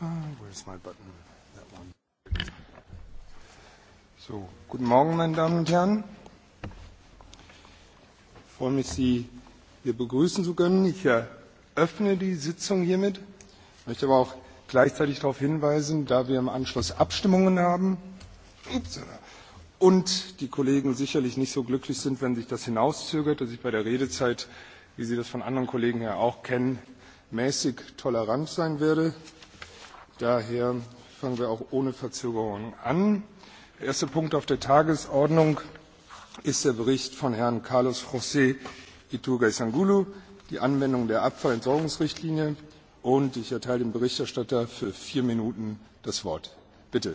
Ah, where's my button? That one. So, guten Morgen, meine Damen und Herren. Ich freue mich, Sie hier begrüßen zu können. Ich eröffne äh, die Sitzung hiermit. Ich möchte aber auch gleichzeitig darauf hinweisen, da wir im Anschluss Abstimmungen haben und die Kollegen sicherlich nicht so glücklich sind, wenn sich das hinauszögert, dass ich bei der Redezeit, wie Sie das von anderen Kollegen ja auch kennen, mäßig tolerant sein werde. Daher fangen wir auch ohne Verzögerung an. Der erste Punkt auf der Tagesordnung ist der Bericht von Herrn Carlos José Iturgaiz Angulo, die Anwendung der Abfallentsorgungsrichtlinie. Und ich erteile dem Berichterstatter für vier Minuten das Wort. Bitte.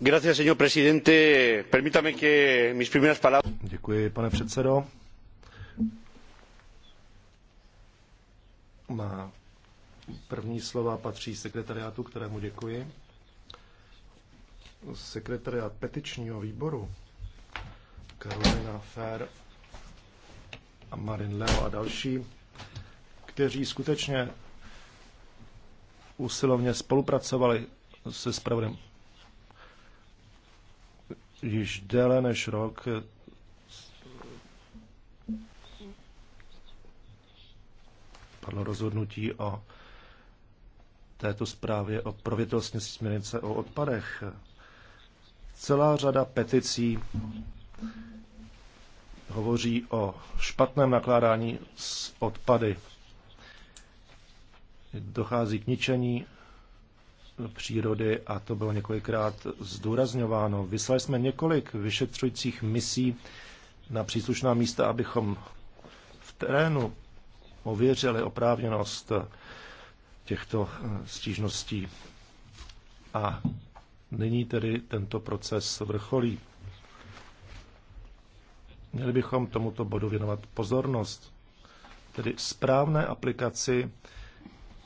Gracias, señor presidente. Permítame que mis primeras palabras. Děkuji, pane předsedo. Má první slova patří sekretariátu, kterému děkuji. Sekretariát petičního výboru Karolina Fer a Marin Leo a další, kteří skutečně usilovně spolupracovali se spravodem. Již déle než rok padlo rozhodnutí o této zprávě o provětelství směrnice o odpadech. Celá řada peticí hovoří o špatném nakládání s odpady. Dochází k ničení přírody a to bylo několikrát zdůrazňováno. Vyslali jsme několik vyšetřujících misí na příslušná místa, abychom v terénu ověřili oprávněnost těchto eh, stížností. A nyní tedy tento proces vrcholí. Měli bychom tomuto bodu věnovat pozornost, tedy správné aplikaci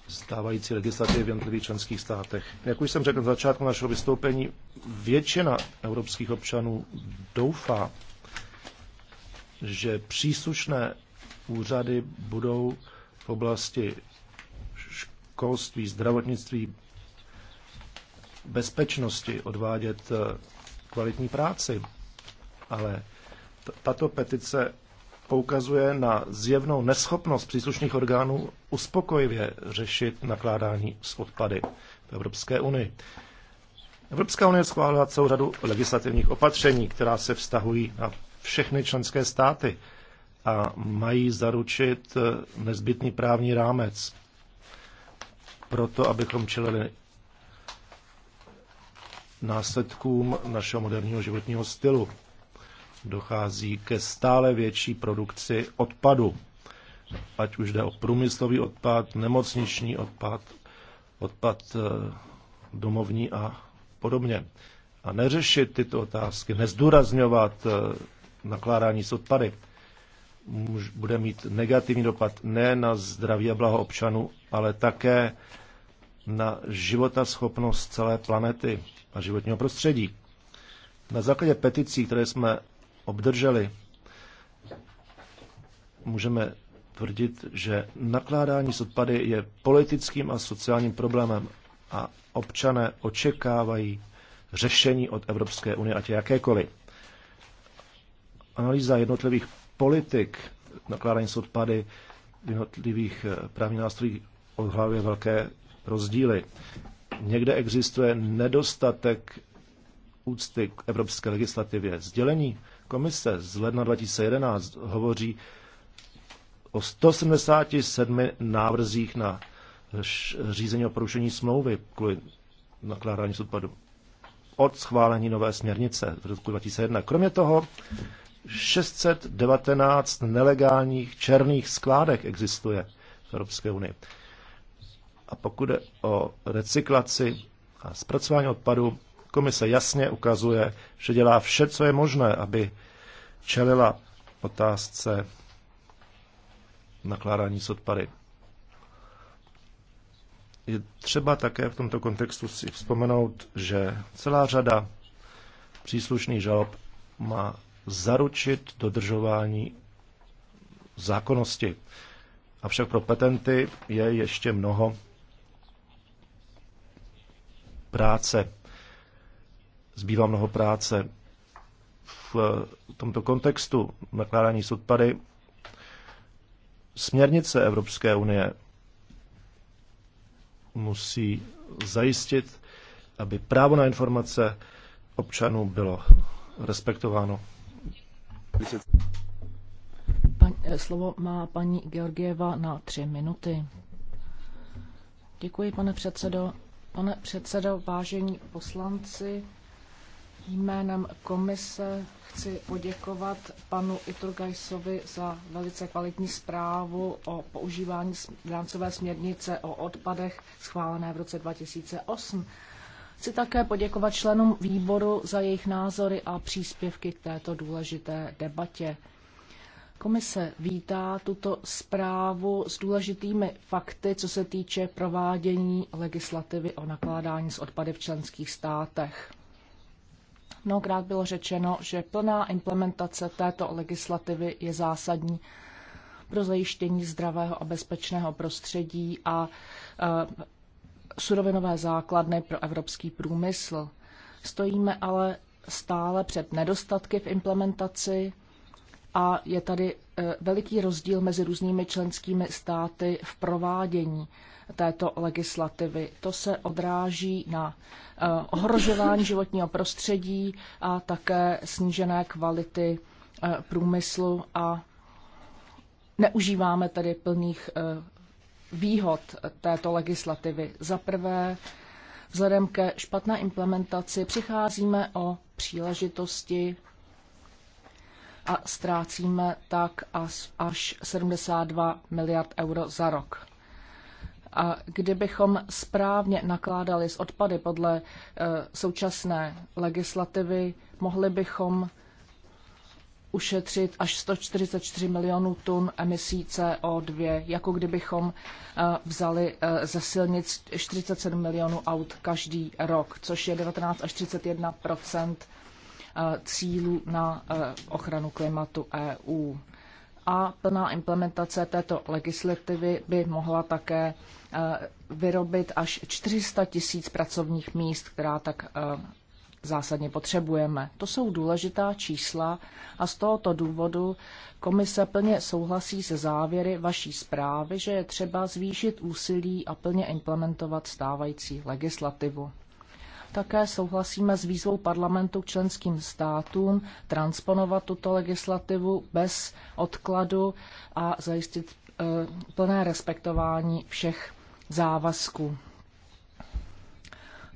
stávající legislativy v jednotlivých členských státech. Jak už jsem řekl na začátku našeho vystoupení, většina evropských občanů doufá, že příslušné úřady budou v oblasti školství, zdravotnictví, bezpečnosti odvádět eh, kvalitní práci. Ale tato petice poukazuje na zjevnou neschopnost příslušných orgánů uspokojivě řešit nakládání s odpady v Evropské unii. Evropská unie schválila celou řadu legislativních opatření, která se vztahují na všechny členské státy a mají zaručit nezbytný právní rámec proto, abychom čelili následkům našeho moderního životního stylu. Dochází ke stále větší produkci odpadu, ať už jde o průmyslový odpad, nemocniční odpad, odpad eh, domovní a podobně. A neřešit tyto otázky, nezdůrazňovat eh, nakládání s odpady, bude mít negativní dopad ne na zdraví a blaho občanů, ale také na život schopnost celé planety a životního prostředí. Na základě peticí, které jsme obdrželi, můžeme tvrdit, že nakládání s odpady je politickým a sociálním problémem a občané očekávají řešení od Evropské unie, ať je jakékoliv. Analýza jednotlivých politik nakládání s odpady v jednotlivých eh, právních nástrojích odhlavuje velké rozdíly. Někde existuje nedostatek úcty k evropské legislativě. Sdělení komise z ledna 2011 hovoří o 177 návrzích na řízení o porušení smlouvy kvůli nakládání s odpadu od schválení nové směrnice v roku 2001. Kromě toho 619 nelegálních černých skládek existuje v Evropské unii. A pokud jde o recyklaci a zpracování odpadu, komise jasně ukazuje, že dělá vše, co je možné, aby čelila otázce nakládání s odpady. Je třeba také v tomto kontextu si vzpomenout, že celá řada příslušných žalob má zaručit dodržování zákonnosti. Avšak pro petenty je ještě mnoho práce. Zbývá mnoho práce. V tomto kontextu nakládání s odpady směrnice Evropské unie musí zajistit, aby právo na informace občanů bylo respektováno. Pan, eh, slovo má paní Georgieva na tři minuty. Děkuji, pane předsedo. Pane předsedo, vážení poslanci, jménem komise chci poděkovat panu Iturgajsovi za velice kvalitní zprávu o používání rámcové směrnice o odpadech schválené v roce 2008. Chci také poděkovat členům výboru za jejich názory a příspěvky k této důležité debatě. Komise vítá tuto zprávu s důležitými fakty, co se týče provádění legislativy o nakládání s odpady v členských státech. Mnohokrát bylo řečeno, že plná implementace této legislativy je zásadní pro zajištění zdravého a bezpečného prostředí a e, surovinové základny pro evropský průmysl. Stojíme ale stále před nedostatky v implementaci a je tady e, veliký rozdíl mezi různými členskými státy v provádění této legislativy. To se odráží na e, ohrožování životního prostředí a také snížené kvality e, průmyslu a neužíváme tedy plných výhod této legislativy. Za prvé, vzhledem ke špatné implementaci přicházíme o příležitosti a ztrácíme tak až 72 miliard euro za rok. A kdybychom správně nakládali s odpady podle eh, současné legislativy, mohli bychom ušetřit až 144 milionů tun emisí CO2, jako kdybychom eh, vzali eh, ze silnic 47 milionů aut každý rok, což je 19 až 31 eh, cílů na ochranu klimatu EU. A plná implementace této legislativy by mohla také vyrobit až 400 tisíc pracovních míst, která tak zásadně potřebujeme. To jsou důležitá čísla a z tohoto důvodu komise plně souhlasí se závěry vaší zprávy, že je třeba zvýšit úsilí a plně implementovat stávající legislativu. Také souhlasíme s výzvou parlamentu k členským státům transponovat tuto legislativu bez odkladu a zajistit eh, plné respektování všech závazků.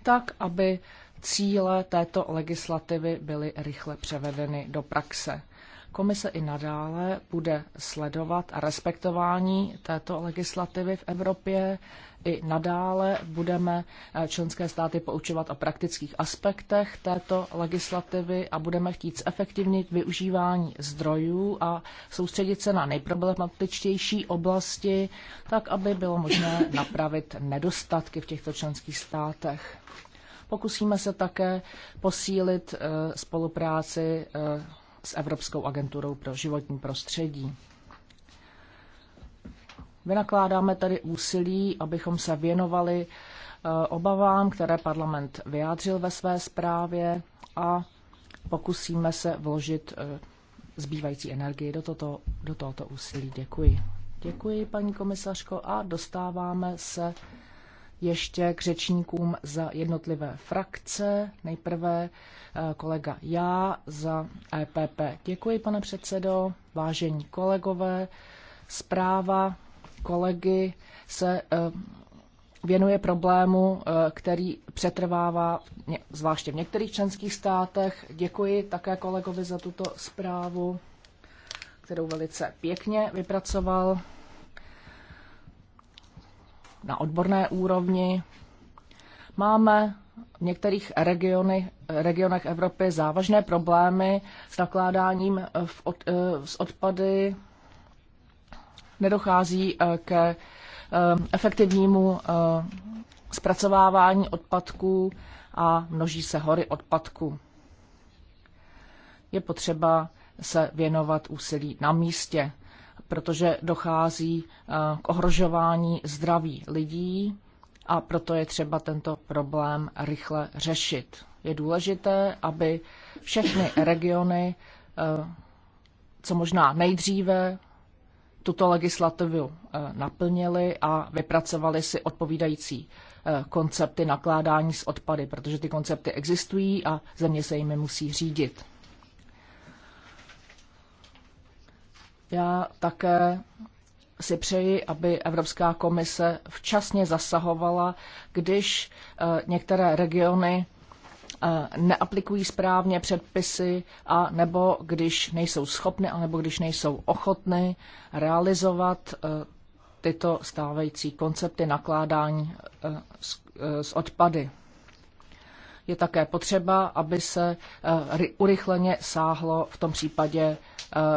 Tak, aby cíle této legislativy byly rychle převedeny do praxe. Komise i nadále bude sledovat a respektování této legislativy v Evropě. I nadále budeme eh, členské státy poučovat o praktických aspektech této legislativy a budeme chtít zefektivnit využívání zdrojů a soustředit se na nejproblematičtější oblasti, tak aby bylo možné napravit nedostatky v těchto členských státech. Pokusíme se také posílit eh, spolupráci eh, s Evropskou agenturou pro životní prostředí. Vynakládáme tedy úsilí, abychom se věnovali eh, obavám, které parlament vyjádřil ve své zprávě a pokusíme se vložit zbývající energii do, toto, do tohoto úsilí. Děkuji. Děkuji, paní komisařko, a dostáváme se ještě k řečníkům za jednotlivé frakce. Nejprve eh, kolega já za EPP. Děkuji, pane předsedo, vážení kolegové. Zpráva kolegy se eh, věnuje problému, eh, který přetrvává zvláště v některých členských státech. Děkuji také kolegovi za tuto zprávu, kterou velice pěkně vypracoval na odborné úrovni. Máme v některých regiony, regionech Evropy závažné problémy s nakládáním eh, v od, eh, s odpady. Nedochází eh, ke efektivnímu zpracovávání odpadků a množí se hory odpadků. Je potřeba se věnovat úsilí na místě protože dochází eh, k ohrožování zdraví lidí a proto je třeba tento problém rychle řešit. Je důležité, aby všechny regiony eh, co možná nejdříve tuto legislativu eh, naplnili a vypracovali si odpovídající koncepty nakládání s odpady, protože ty koncepty existují a země se jimi musí řídit. Já také si přeji, aby Evropská komise včasně zasahovala, když eh, některé regiony eh, neaplikují správně předpisy a nebo když nejsou schopny a nebo když nejsou ochotny realizovat eh, tyto stávající koncepty nakládání s odpady. Je také potřeba, aby se urychleně sáhlo v tom případě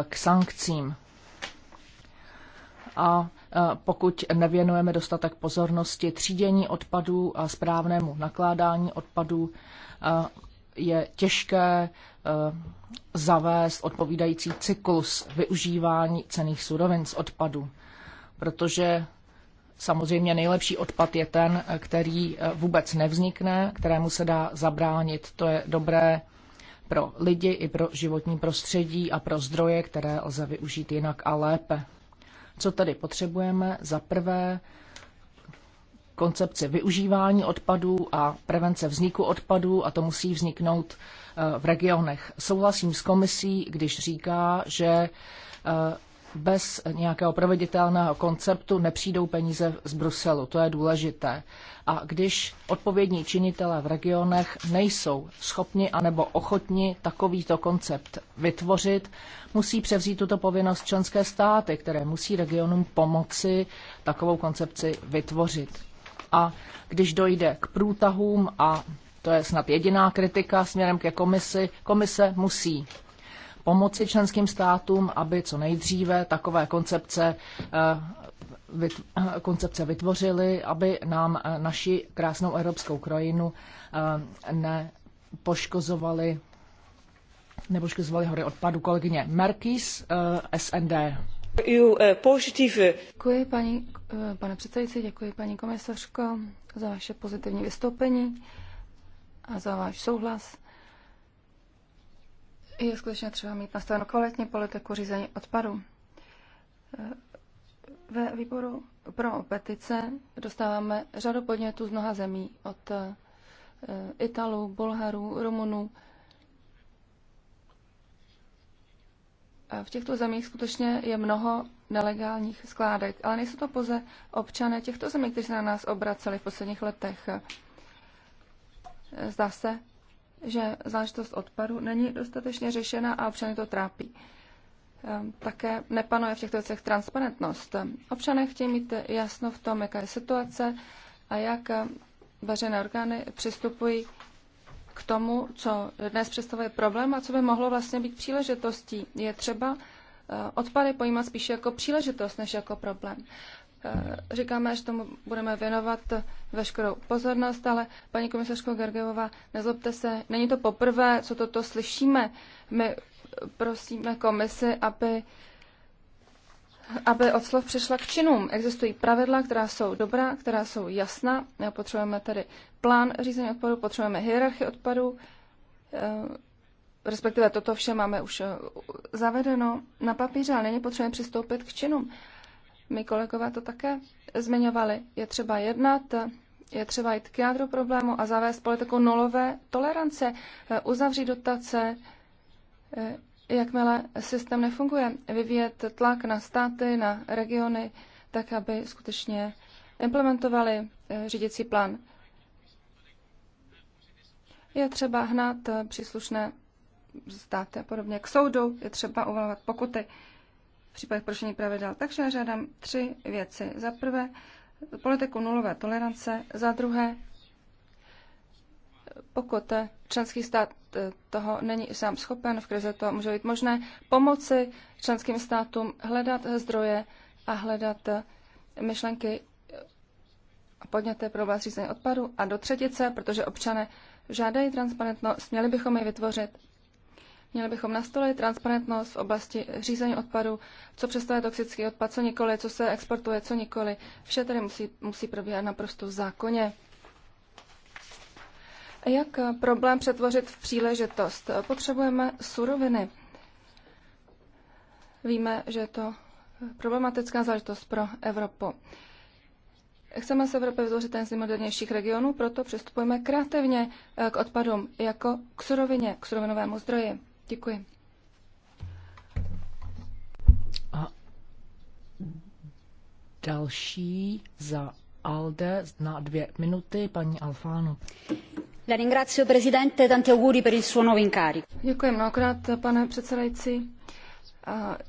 k sankcím a pokud nevěnujeme dostatek pozornosti třídění odpadů a správnému nakládání odpadů, je těžké zavést odpovídající cyklus využívání cených surovin z odpadu, protože samozřejmě nejlepší odpad je ten, který e, vůbec nevznikne, kterému se dá zabránit. To je dobré pro lidi i pro životní prostředí a pro zdroje, které lze využít jinak a lépe. Co tady potřebujeme? Za prvé koncepce využívání odpadů a prevence vzniku odpadů a to musí vzniknout eh, v regionech. Souhlasím s komisí, když říká, že eh, bez nějakého proveditelného konceptu nepřijdou peníze z Bruselu. To je důležité. A když odpovědní činitelé v regionech nejsou schopni anebo ochotni takovýto koncept vytvořit, musí převzít tuto povinnost členské státy, které musí regionům pomoci takovou koncepci vytvořit. A když dojde k průtahům a to je snad jediná kritika směrem ke komisi, komise musí pomoci členským státům, aby co nejdříve takové koncepce eh, eh, koncepce vytvořili, aby nám eh, naši krásnou evropskou krajinu nepoškozovali nebo škozovali hory odpadu kolegyně Merkis, SND. Děkuji, paní, pane předsedající, děkuji, paní komisařko, za vaše pozitivní vystoupení a za váš souhlas. Je skutečně třeba mít nastaveno kvalitní politiku řízení odpadu. Ve výboru pro petice dostáváme řadu podnětů z mnoha zemí, od eh, Italů, Bulharů, Rumunů. v těchto zemích skutečně je mnoho nelegálních skládek, ale nejsou to pouze občané těchto zemí, kteří se na nás obraceli v posledních letech. Zdá se, že záležitost odpadu není dostatečně řešena a občany to trápí. Ehm, také nepanuje v těchto věcech transparentnost. Občané chtějí mít jasno v tom, jaká je situace a jak ehm, veřejné orgány přistupují k tomu, co dnes představuje problém a co by mohlo vlastně být příležitostí. Je třeba ehm, odpady pojímat spíše jako příležitost než jako problém. Eh, říkáme, že tomu budeme věnovat veškerou pozornost, ale paní komisařko Gergevová, nezlobte se, není to poprvé, co toto slyšíme. My prosíme komisi, aby, aby od slov přišla k činům. Existují pravidla, která jsou dobrá, která jsou jasná. Eh, potřebujeme tedy plán řízení odpadu, potřebujeme hierarchii odpadu, eh, respektive toto vše máme už zavedeno na papíře, ale není potřeba přistoupit k činům. My kolegové to také zmiňovali. Je třeba jednat, je třeba jít k jádru problému a zavést politiku nulové tolerance, eh, uzavřít dotace, eh, jakmile systém nefunguje, vyvíjet tlak na státy, na regiony, tak, aby skutečně implementovali eh, řídící plán. Je třeba hnat příslušné státy a podobně k soudu, je třeba uvalovat pokuty případech porušení pravidel. Takže já žádám tři věci. Za prvé, politiku nulové tolerance. Za druhé, pokud členský stát eh, toho není sám schopen, v krizi to může být možné, pomoci členským státům hledat zdroje a hledat eh, myšlenky podněté pro vás řízení odpadu. A do třetice, protože občané žádají transparentnost, měli bychom ji vytvořit Měli bychom nastolit transparentnost v oblasti řízení odpadu, co představuje toxický odpad, co nikoli, co se exportuje, co nikoli. Vše tady musí, musí probíhat naprosto v zákoně. Jak problém přetvořit v příležitost? Potřebujeme suroviny. Víme, že je to problematická záležitost pro Evropu. Chceme v Evropě vytvořit ten z nejmodernějších regionů, proto přistupujeme kreativně k odpadům jako k surovině, k surovinovému zdroji. Děkuji. A další za ALDE na dvě minuty, paní Alfano. Děkuji mnohokrát, pane předsedající.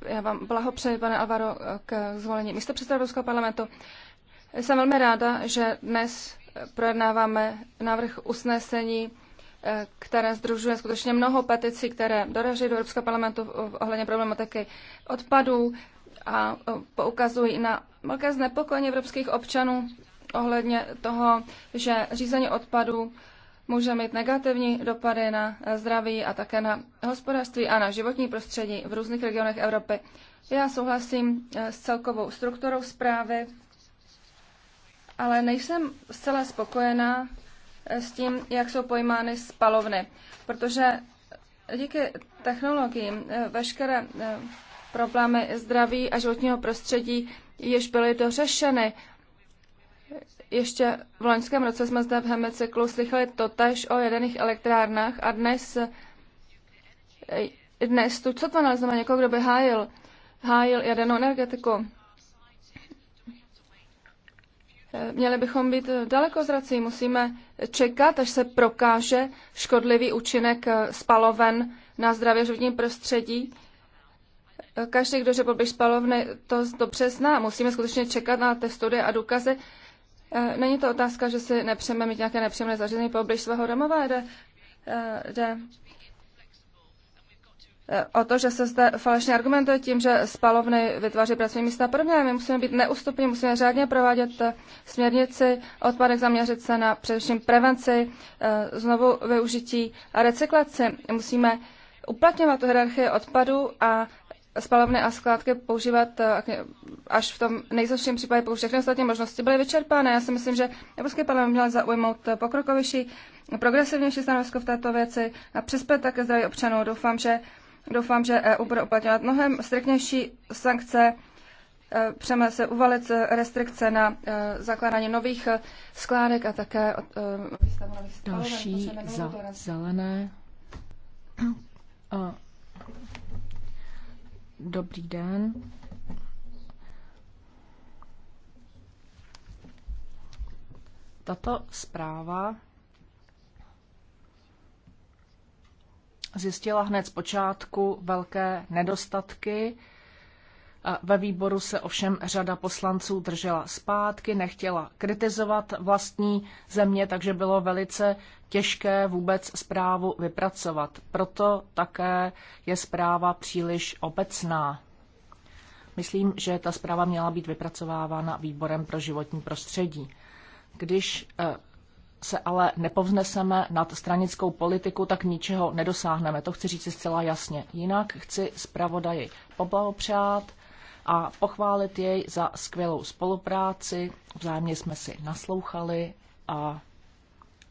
Já vám blahopřeji, pane Alvaro, k zvolení místo předseda Evropského parlamentu. Jsem velmi ráda, že dnes projednáváme návrh usnesení Eh, které združuje skutečně mnoho petici, které doraží do Evropského parlamentu ohledně problematiky odpadů a eh, poukazují na velké znepokojení evropských občanů ohledně toho, že řízení odpadů může mít negativní dopady na eh, zdraví a také na hospodářství a na životní prostředí v různých regionech Evropy. Já souhlasím s celkovou strukturou zprávy, ale nejsem zcela spokojená s tím, jak jsou pojímány spalovny. Protože díky technologiím eh, veškeré eh, problémy zdraví a životního prostředí již byly dořešeny. Ještě v loňském roce jsme zde v Hemicyklu slychali totež o jaderných elektrárnách a dnes, eh, dnes tu co to nalezeme někoho, kdo by hájil, hájil jadernou energetiku. Měli bychom být daleko zrací, musíme čekat, až se prokáže škodlivý účinek eh, spaloven na zdravě životním prostředí. Eh, každý, kdo řekl bych spalovny, to dobře zná. Musíme skutečně čekat na ty studie a důkazy. Eh, není to otázka, že si nepřeme mít nějaké nepříjemné zařízení poblíž svého domova, jde, jde o to, že se zde falešně argumentuje tím, že spalovny vytváří pracovní místa a podobně. My musíme být neústupní, musíme řádně provádět eh, směrnici, odpadek zaměřit se na především prevenci, eh, znovu využití a recyklaci. Musíme uplatňovat hierarchii odpadu a spalovny a skládky používat eh, až v tom nejzhorším případě, pokud všechny ostatní možnosti byly vyčerpány. Já si myslím, že Evropský parlament měl zaujmout pokrokovější, progresivnější stanovisko v této věci a přispět také zdraví občanů. Doufám, že Doufám, že EU bude uplatňovat mnohem striktnější sankce. E, přeme se uvalit restrikce na e, zakládání nových e, skládek a také výstavu nových Další za zelené. Dobrý den. Tato zpráva zjistila hned z počátku velké nedostatky. Ve výboru se ovšem řada poslanců držela zpátky, nechtěla kritizovat vlastní země, takže bylo velice těžké vůbec zprávu vypracovat. Proto také je zpráva příliš obecná. Myslím, že ta zpráva měla být vypracovávána výborem pro životní prostředí. Když eh, se ale nepovzneseme nad stranickou politiku, tak ničeho nedosáhneme. To chci říct zcela jasně. Jinak chci zpravodaji poblahopřát a pochválit jej za skvělou spolupráci. Vzájemně jsme si naslouchali a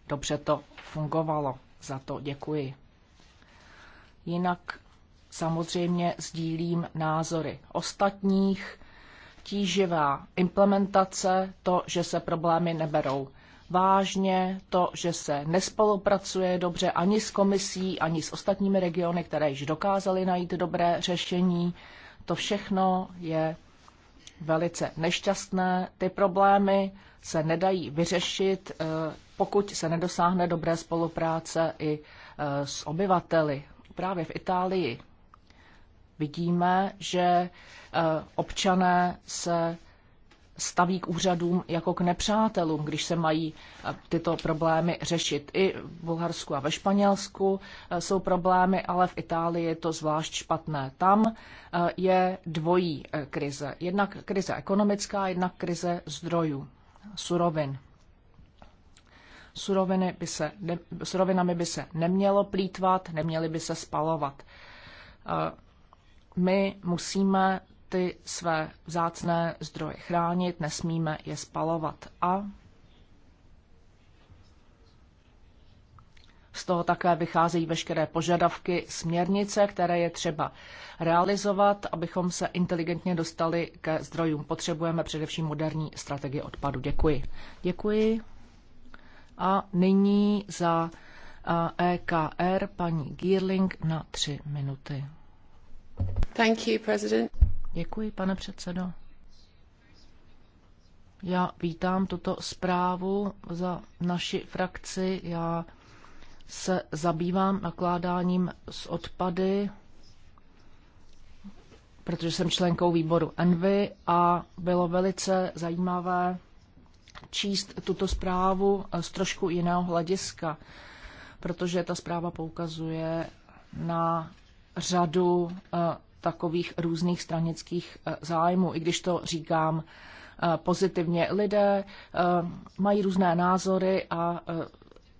dobře to fungovalo. Za to děkuji. Jinak samozřejmě sdílím názory ostatních. Tíživá implementace, to, že se problémy neberou vážně to, že se nespolupracuje dobře ani s komisí, ani s ostatními regiony, které již dokázaly najít dobré řešení. To všechno je velice nešťastné. Ty problémy se nedají vyřešit, eh, pokud se nedosáhne dobré spolupráce i eh, s obyvateli. Právě v Itálii vidíme, že eh, občané se staví k úřadům jako k nepřátelům, když se mají eh, tyto problémy řešit. I v Bulharsku a ve Španělsku eh, jsou problémy, ale v Itálii je to zvlášť špatné. Tam eh, je dvojí krize. Jednak krize ekonomická, jednak krize zdrojů, surovin. Suroviny by se, ne, surovinami by se nemělo plítvat, neměly by se spalovat. My musíme ty své vzácné zdroje chránit, nesmíme je spalovat. A Z toho také vycházejí veškeré požadavky směrnice, které je třeba realizovat, abychom se inteligentně dostali ke zdrojům. Potřebujeme především moderní strategii odpadu. Děkuji. Děkuji. A nyní za EKR paní Gierling na tři minuty. Thank you, President. Děkuji, pane předsedo. Já vítám tuto zprávu za naši frakci. Já se zabývám nakládáním s odpady, protože jsem členkou výboru Envy a bylo velice zajímavé číst tuto zprávu z trošku jiného hlediska, protože ta zpráva poukazuje na řadu eh, takových různých stranických eh, zájmů, i když to říkám eh, pozitivně. Lidé eh, mají různé názory a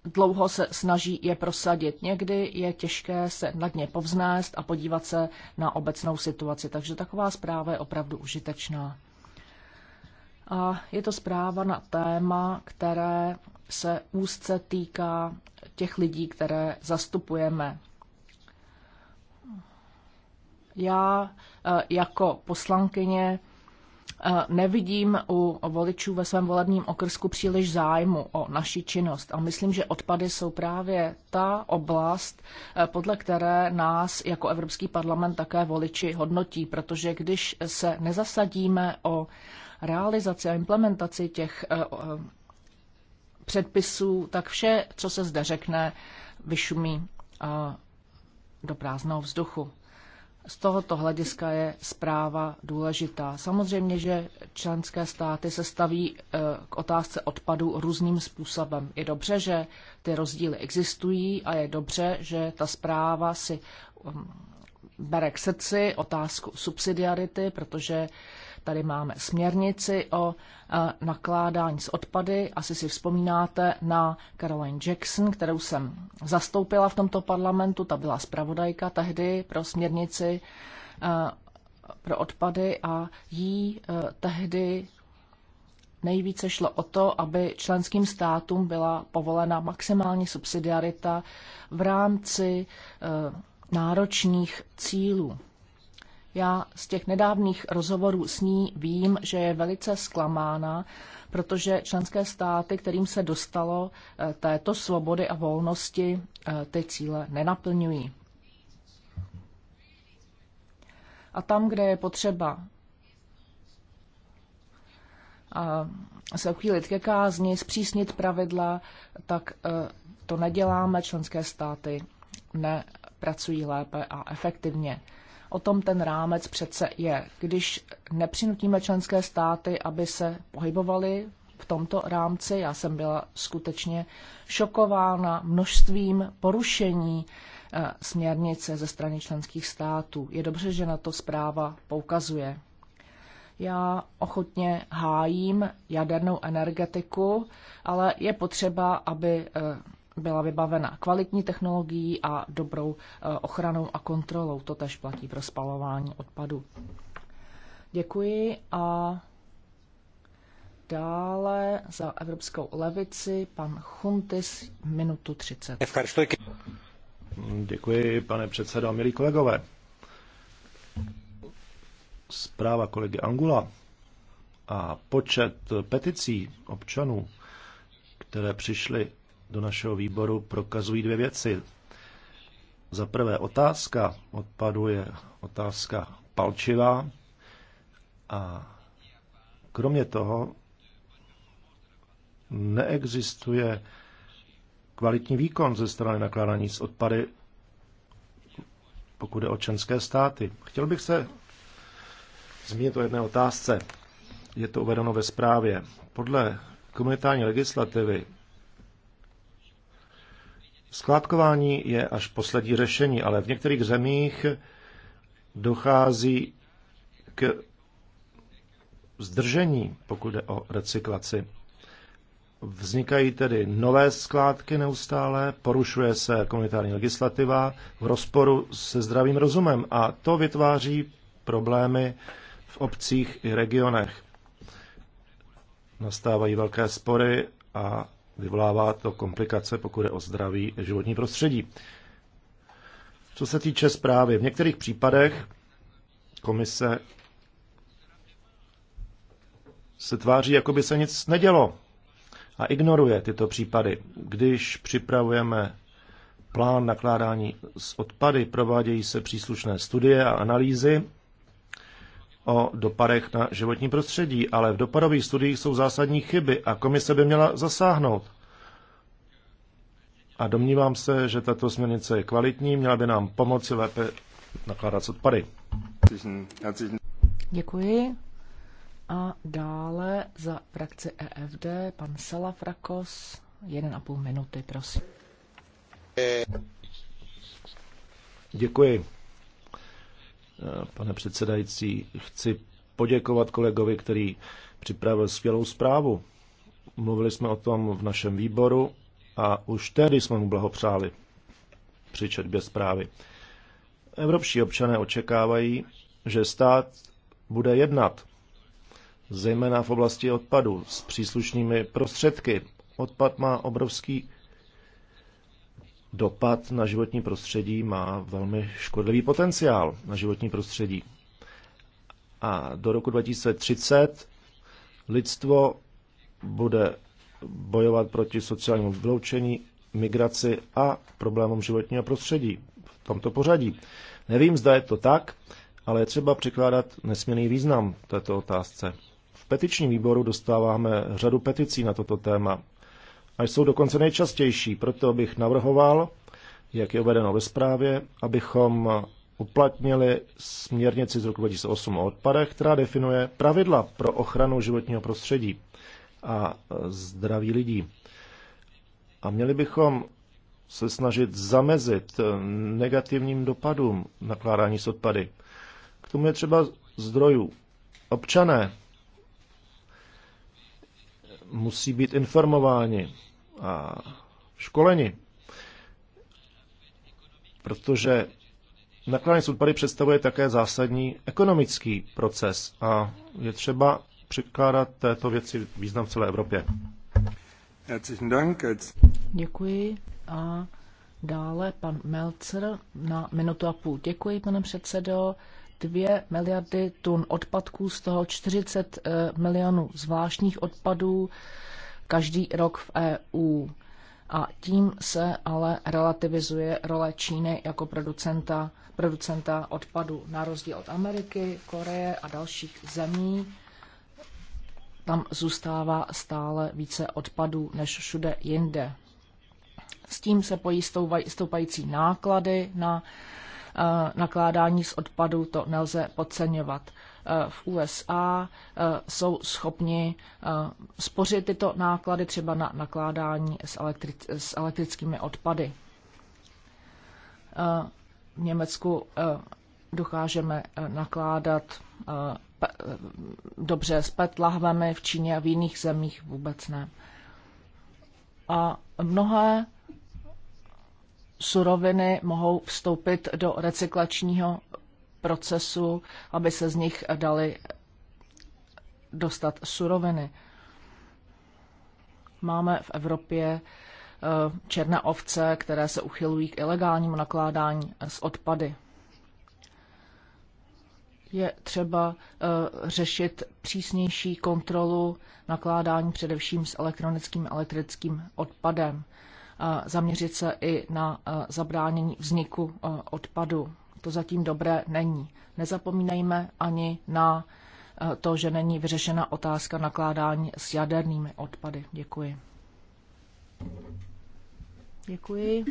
dlouho se snaží je prosadit. Někdy je těžké se nad ně povznést a podívat se na obecnou situaci. Takže taková zpráva je opravdu užitečná. A je to zpráva na téma, které se úzce týká těch lidí, které zastupujeme. Já eh, jako poslankyně eh, nevidím u voličů ve svém volebním okrsku příliš zájmu o naši činnost. A myslím, že odpady jsou právě ta oblast, eh, podle které nás jako Evropský parlament také voliči hodnotí, protože když se nezasadíme o realizaci a implementaci těch předpisů, tak vše, co se zde řekne, vyšumí do prázdného vzduchu. Z tohoto hlediska je zpráva důležitá. Samozřejmě, že členské státy se staví eh, k otázce odpadu různým způsobem. Je dobře, že ty rozdíly existují a je dobře, že ta zpráva si mm, bere k srdci otázku subsidiarity, protože Tady máme směrnici o e, nakládání s odpady. Asi si vzpomínáte na Caroline Jackson, kterou jsem zastoupila v tomto parlamentu. Ta byla zpravodajka tehdy pro směrnici e, pro odpady a jí e, tehdy Nejvíce šlo o to, aby členským státům byla povolena maximální subsidiarita v rámci náročných cílů. Já z těch nedávných rozhovorů s ní vím, že je velice zklamána, protože členské státy, kterým se dostalo eh, této svobody a volnosti, eh, ty cíle nenaplňují. A tam, kde je potřeba se uchýlit ke kázni, zpřísnit pravidla, tak eh, to neděláme, členské státy nepracují lépe a efektivně. O tom ten rámec přece je. Když nepřinutíme členské státy, aby se pohybovali v tomto rámci, já jsem byla skutečně šokována množstvím porušení eh, směrnice ze strany členských států. Je dobře, že na to zpráva poukazuje. Já ochotně hájím jadernou energetiku, ale je potřeba, aby eh, byla vybavena kvalitní technologií a dobrou eh, ochranou a kontrolou. To tež platí pro spalování odpadu. Děkuji a dále za Evropskou levici pan Chuntis minutu 30. Děkuji, pane předsedo, milí kolegové. Zpráva kolegy Angula a počet peticí občanů, které přišly do našeho výboru prokazují dvě věci. Za prvé otázka odpadu je otázka palčivá a kromě toho neexistuje kvalitní výkon ze strany nakládání s odpady, pokud je o členské státy. Chtěl bych se zmínit o jedné otázce. Je to uvedeno ve zprávě. Podle komunitární legislativy Skládkování je až poslední řešení, ale v některých zemích dochází k zdržení, pokud jde o recyklaci. Vznikají tedy nové skládky neustále, porušuje se komunitární legislativa v rozporu se zdravým rozumem a to vytváří problémy v obcích i regionech. Nastávají velké spory a Vyvolává to komplikace, pokud je o zdraví životní prostředí. Co se týče zprávy, v některých případech komise se tváří, jako by se nic nedělo a ignoruje tyto případy. Když připravujeme plán nakládání s odpady, provádějí se příslušné studie a analýzy o dopadech na životní prostředí, ale v dopadových studiích jsou zásadní chyby a komise by měla zasáhnout. A domnívám se, že tato směrnice je kvalitní, měla by nám pomoci lépe nakládat s odpady. Děkuji. A dále za frakci EFD pan Salafrakos, půl minuty, prosím. Děkuji. Pane předsedající, chci poděkovat kolegovi, který připravil skvělou zprávu. Mluvili jsme o tom v našem výboru a už tehdy jsme mu blahopřáli při četbě zprávy. Evropští občané očekávají, že stát bude jednat, zejména v oblasti odpadu, s příslušnými prostředky. Odpad má obrovský dopad na životní prostředí má velmi škodlivý potenciál na životní prostředí. A do roku 2030 lidstvo bude bojovat proti sociálnímu vyloučení, migraci a problémům životního prostředí v tomto pořadí. Nevím, zda je to tak, ale je třeba překládat. nesmírný význam této otázce. V petičním výboru dostáváme řadu peticí na toto téma a jsou dokonce nejčastější. Proto bych navrhoval, jak je uvedeno ve zprávě, abychom uplatnili směrnici z roku 2008 o odpadech, která definuje pravidla pro ochranu životního prostředí a zdraví lidí. A měli bychom se snažit zamezit negativním dopadům nakládání s odpady. K tomu je třeba zdrojů. Občané musí být informováni a školeni, protože nakládání s odpady představuje také zásadní ekonomický proces a je třeba překládat této věci význam v celé Evropě. Děkuji a dále pan Melcer na minutu a půl. Děkuji, pane předsedo. 2 miliardy tun odpadků, z toho 40 eh, milionů zvláštních odpadů každý rok v EU. A tím se ale relativizuje role Číny jako producenta, producenta odpadu na rozdíl od Ameriky, Koreje a dalších zemí. Tam zůstává stále více odpadů než všude jinde. S tím se pojí stoupající náklady na eh, nakládání s odpadu, to nelze podceňovat. Eh, v USA eh, jsou schopni eh, spořit tyto náklady třeba na nakládání s, elektric, s elektrickými odpady. V Německu dokážeme nakládat dobře s PET lahvemi v Číně a v jiných zemích vůbec ne. A mnohé suroviny mohou vstoupit do recyklačního procesu, aby se z nich dali dostat suroviny. Máme v Evropě eh, černé ovce, které se uchylují k ilegálnímu nakládání s odpady. Je třeba eh, řešit přísnější kontrolu nakládání především s elektronickým elektrickým odpadem. Zaměřit se i na eh, zabránění vzniku odpadu to zatím dobré není. Nezapomínejme ani na eh, to, že není vyřešena otázka nakládání s jadernými odpady. Děkuji. Děkuji.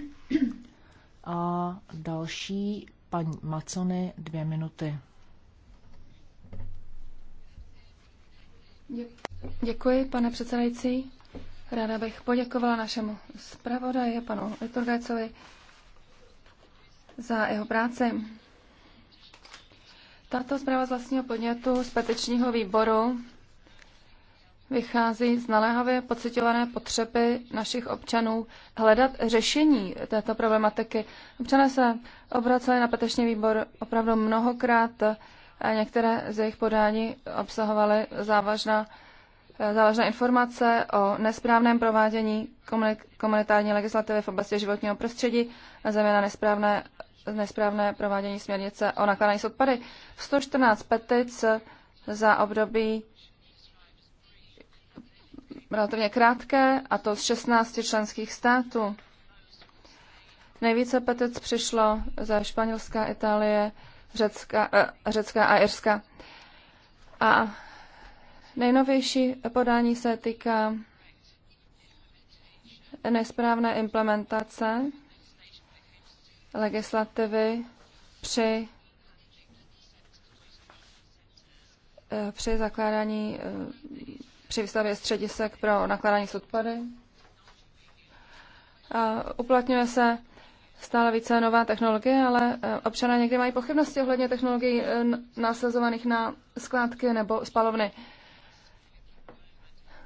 A další paní Macony, dvě minuty. Děkuji, pane předsedající. Ráda bych poděkovala našemu zpravodaji, panu Liturgecovi, za jeho práci. Tato zpráva z vlastního podnětu z petičního výboru vychází z naléhavě pocitované potřeby našich občanů hledat řešení této problematiky. Občané se obraceli na petiční výbor opravdu mnohokrát a některé z jejich podání obsahovaly závažná, závažná informace o nesprávném provádění komunitární legislativy v oblasti životního prostředí, zejména nesprávné nesprávné provádění směrnice o nakladání s odpady. 114 petic za období relativně krátké, a to z 16 členských států. Nejvíce petic přišlo ze Španělska, Itálie, Řecka, eh, Řecka a Irska. A nejnovější podání se týká nesprávné implementace legislativy při eh, při zakládání, eh, při výstavě středisek pro nakládání s odpady. Uplatňuje se stále více nová technologie, ale eh, občané někdy mají pochybnosti ohledně technologií nasazovaných na skládky nebo spalovny.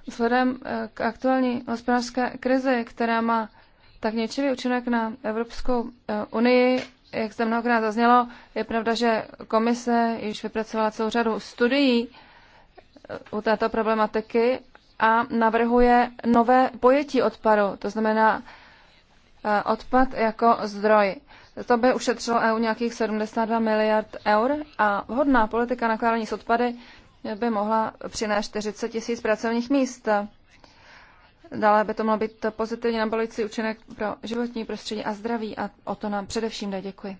Vzhledem k aktuální hospodářské krizi, která má tak něčivý účinek na Evropskou eh, unii, jak zde mnohokrát zaznělo, je pravda, že komise již vypracovala celou řadu studií eh, u této problematiky a navrhuje nové pojetí odpadu, to znamená eh, odpad jako zdroj. To by ušetřilo EU nějakých 72 miliard eur a vhodná politika nakládání s odpady by mohla přinést 40 tisíc pracovních míst. Dále by to mohlo být pozitivně nabalující účinek pro životní prostředí a zdraví a o to nám především dá. Děkuji.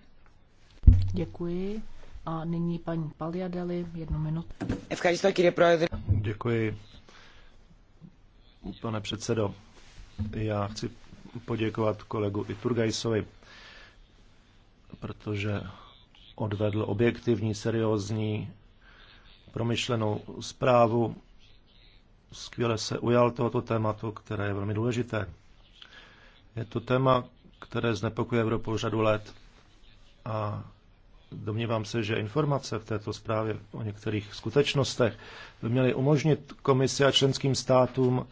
Děkuji. A nyní paní Paliadeli, jednu minutu. Děkuji. Pane předsedo, já chci poděkovat kolegu Iturgajsovi, protože odvedl objektivní, seriózní, promyšlenou zprávu skvěle se ujal tohoto tématu, které je velmi důležité. Je to téma, které znepokuje Evropu řadu let a domnívám se, že informace v této zprávě o některých skutečnostech by měly umožnit komisi a členským státům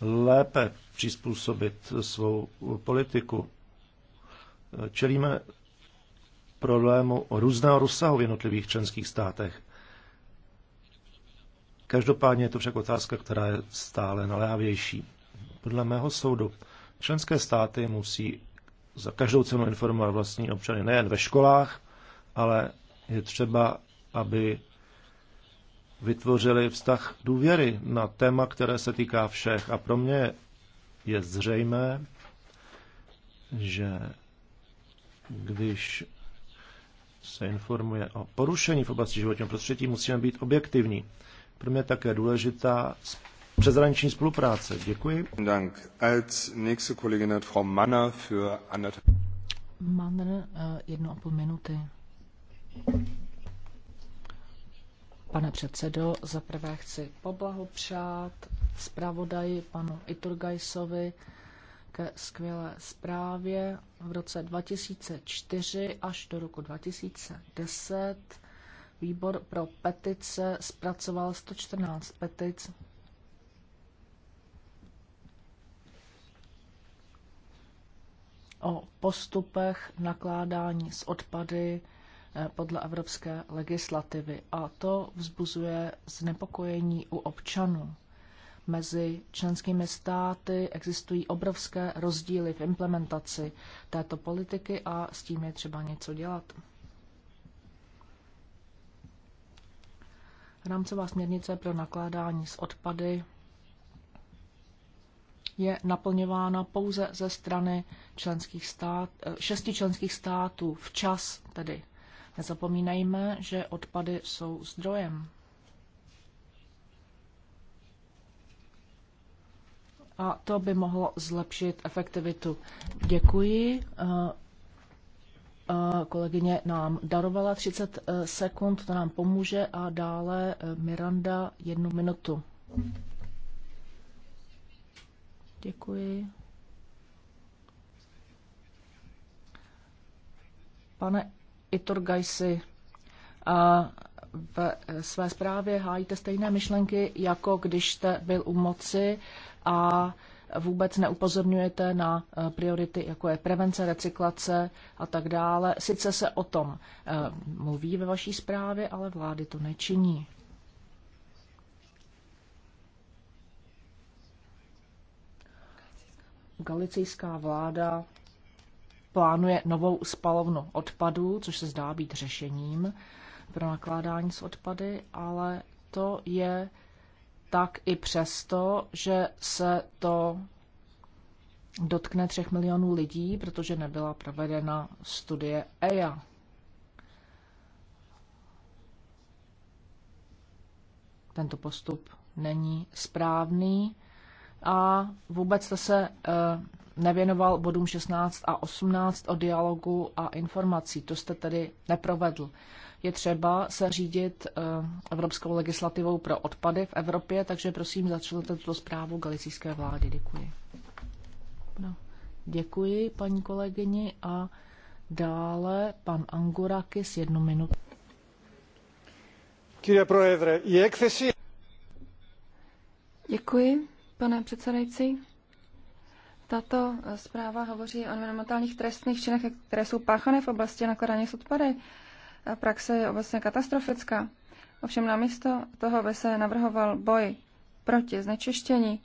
lépe přizpůsobit svou politiku. Čelíme problému různého rozsahu v jednotlivých členských státech. Každopádně je to však otázka, která je stále naléhavější. Podle mého soudu členské státy musí za každou cenu informovat vlastní občany nejen ve školách, ale je třeba, aby vytvořili vztah důvěry na téma, které se týká všech. A pro mě je zřejmé, že když se informuje o porušení v oblasti životního prostředí, musíme být objektivní pro mě také důležitá přezraniční spolupráce. Děkuji. Dank. Als nächste Kollegin hat Frau Manner für anderthalb. Manner, eh, jedno a půl minuty. Pane předsedo, zaprvé chci poblahopřát zpravodaji panu Iturgajsovi ke skvělé zprávě. V roce 2004 až do roku 2010 výbor pro petice zpracoval 114 petic. o postupech nakládání s odpady eh, podle evropské legislativy. A to vzbuzuje znepokojení u občanů. Mezi členskými státy existují obrovské rozdíly v implementaci této politiky a s tím je třeba něco dělat. Rámcová směrnice pro nakládání s odpady je naplňována pouze ze strany členských stát, eh, šesti členských států včas tedy. Nezapomínejme, že odpady jsou zdrojem. A to by mohlo zlepšit efektivitu. Děkuji. Eh, Kolegyně nám darovala 30 e, sekund, to nám pomůže a dále e, Miranda jednu minutu. Děkuji. Pane Itorgajsi, ve své zprávě hájíte stejné myšlenky, jako když jste byl u moci a vůbec neupozorňujete na eh, priority, jako je prevence, recyklace a tak dále. Sice se o tom eh, mluví ve vaší zprávě, ale vlády to nečiní. Galicijská vláda plánuje novou spalovnu odpadů, což se zdá být řešením pro nakládání s odpady, ale to je tak i přesto, že se to dotkne třech milionů lidí, protože nebyla provedena studie EIA. Tento postup není správný a vůbec jste se eh, nevěnoval bodům 16 a 18 o dialogu a informací. To jste tedy neprovedl je třeba se řídit eh, evropskou legislativou pro odpady v Evropě, takže prosím začněte tuto zprávu galicijské vlády. Děkuji. No. Děkuji paní kolegyni a dále pan Angurakis jednu minutu. Děkuji, pane předsedající. Tato eh, zpráva hovoří o environmentálních trestných činech, které jsou páchané v oblasti nakládání s odpady praxe je obecně katastrofická. Ovšem namísto toho by se navrhoval boj proti znečištění,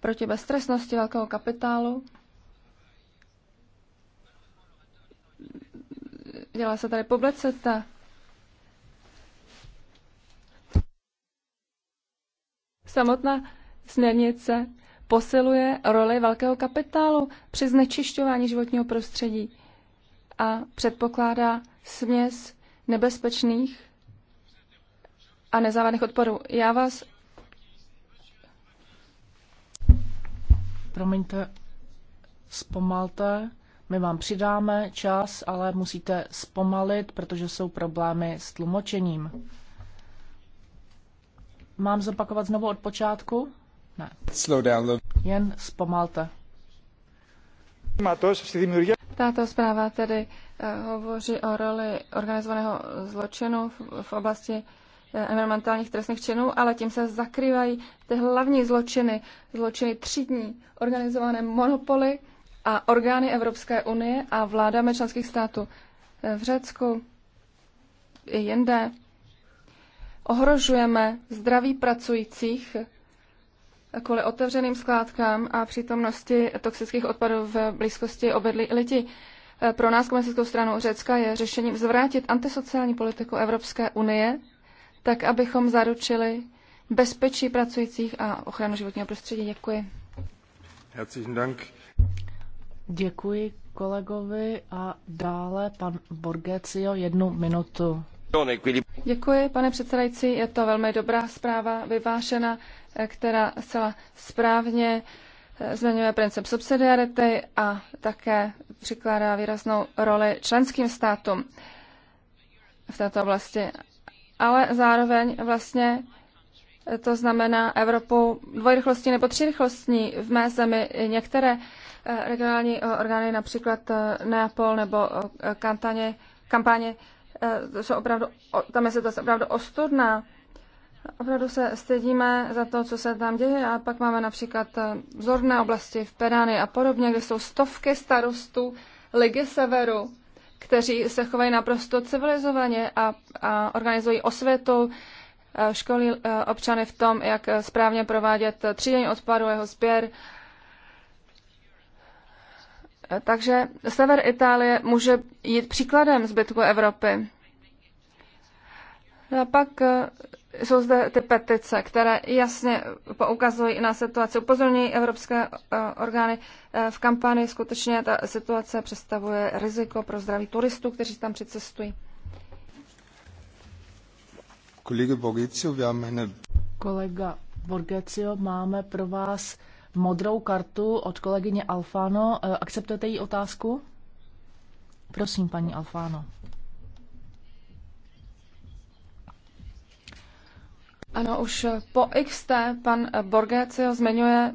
proti beztresnosti velkého kapitálu. Dělá se tady publicita. Samotná směrnice posiluje roli velkého kapitálu při znečišťování životního prostředí a předpokládá směs nebezpečných a nezávadných odporů. Já vás... Promiňte, zpomalte. My vám přidáme čas, ale musíte zpomalit, protože jsou problémy s tlumočením. Mám zopakovat znovu od počátku? Ne. Slow down, Jen zpomalte. Tato zpráva tedy eh, hovoří o roli organizovaného zločinu v oblasti eh, environmentálních trestných činů, ale tím se zakrývají ty hlavní zločiny, zločiny třídní, organizované monopoly a orgány Evropské unie a vládami členských států eh, v Řecku i jinde. Ohrožujeme zdraví pracujících kvůli otevřeným skládkám a přítomnosti toxických odpadů v blízkosti obydlí lidi. Pro nás komunistickou stranu Řecka je řešením zvrátit antisociální politiku Evropské unie, tak abychom zaručili bezpečí pracujících a ochranu životního prostředí. Děkuji. Dank. Děkuji kolegovi a dále pan Borgecio jednu minutu. Děkuji, pane předsedající. Je to velmi dobrá zpráva, vyvážena, eh, která zcela správně eh, zmiňuje princip subsidiarity a také přikládá výraznou roli členským státům v této oblasti. Ale zároveň vlastně eh, to znamená Evropu dvojrychlostní nebo třirychlostní. V mé zemi některé regionální orgány, například Neapol nebo Kantaně, kampaně Eh, jsou opravdu, tam je situace opravdu ostudná. Opravdu se stydíme za to, co se tam děje a pak máme například eh, vzorné oblasti v Perány a podobně, kde jsou stovky starostů Ligy Severu, kteří se chovají naprosto civilizovaně a, a organizují osvětu, eh, školí občany v tom, jak správně provádět třídění odpadu, jeho sběr, takže sever Itálie může jít příkladem zbytku Evropy. No a pak eh, jsou zde ty petice, které jasně poukazují na situaci. Upozorňují evropské eh, orgány eh, v kampani. Skutečně ta situace představuje riziko pro zdraví turistů, kteří tam přicestují. Kolega Borgecio, máme... máme pro vás modrou kartu od kolegyně Alfano. Eh, akceptujete její otázku? Prosím, paní Alfano. Ano, už po XT pan Borgecio zmiňuje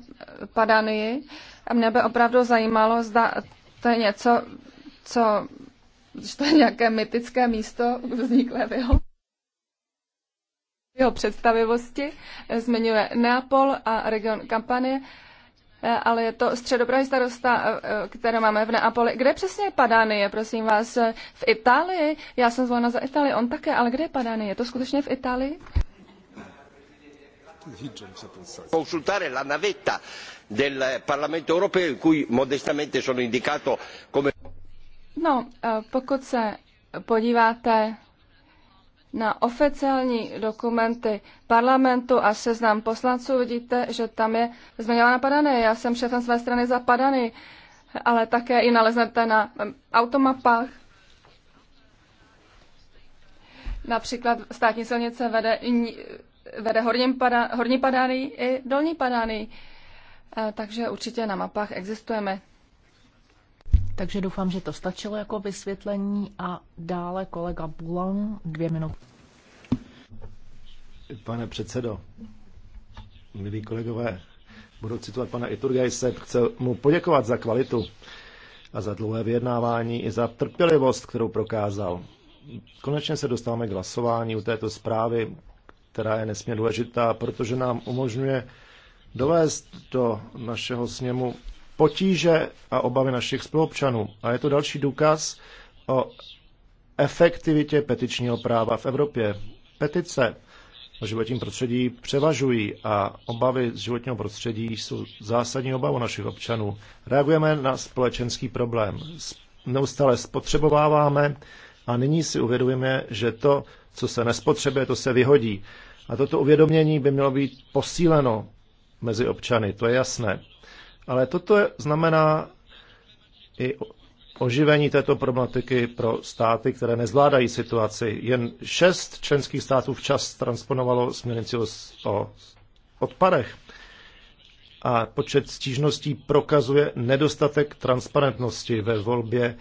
Padanii a mě by opravdu zajímalo, zda to je něco, co, to je nějaké mytické místo vzniklé v jeho, v jeho představivosti. Zmiňuje Neapol a region Kampanie. Eh, ale je to středopravý starosta, eh, eh, které máme v Neapoli. Kde přesně je Je, prosím vás? V Itálii? Já jsem zvolena za Itálii, on také, ale kde je Padány? Je to skutečně v Itálii? Consultare la navetta del Parlamento europeo in cui modestamente sono indicato come... No, pokud se podíváte na oficiální dokumenty parlamentu a seznam poslanců vidíte, že tam je zmiňována Padany. Já jsem šéfem své strany za Padany, ale také ji naleznete na automapách. Například státní silnice vede, vede horním pada, horní padány i dolní padány. Eh, takže určitě na mapách existujeme. Takže doufám, že to stačilo jako vysvětlení a dále kolega Bulan dvě minuty. Pane předsedo, milí kolegové, budu citovat pana Iturgajse, chci mu poděkovat za kvalitu a za dlouhé vyjednávání i za trpělivost, kterou prokázal. Konečně se dostáváme k hlasování u této zprávy, která je nesmírně důležitá, protože nám umožňuje dovést do našeho sněmu potíže a obavy našich spolupčanů. A je to další důkaz o efektivitě petičního práva v Evropě. Petice o životním prostředí převažují a obavy z životního prostředí jsou zásadní obavu našich občanů. Reagujeme na společenský problém. Neustále spotřebováváme a nyní si uvědomujeme, že to, co se nespotřebuje, to se vyhodí. A toto uvědomění by mělo být posíleno mezi občany, to je jasné. Ale toto znamená i oživení této problematiky pro státy, které nezvládají situaci. Jen šest členských států včas transponovalo směrnici o odpadech a počet stížností prokazuje nedostatek transparentnosti ve volbě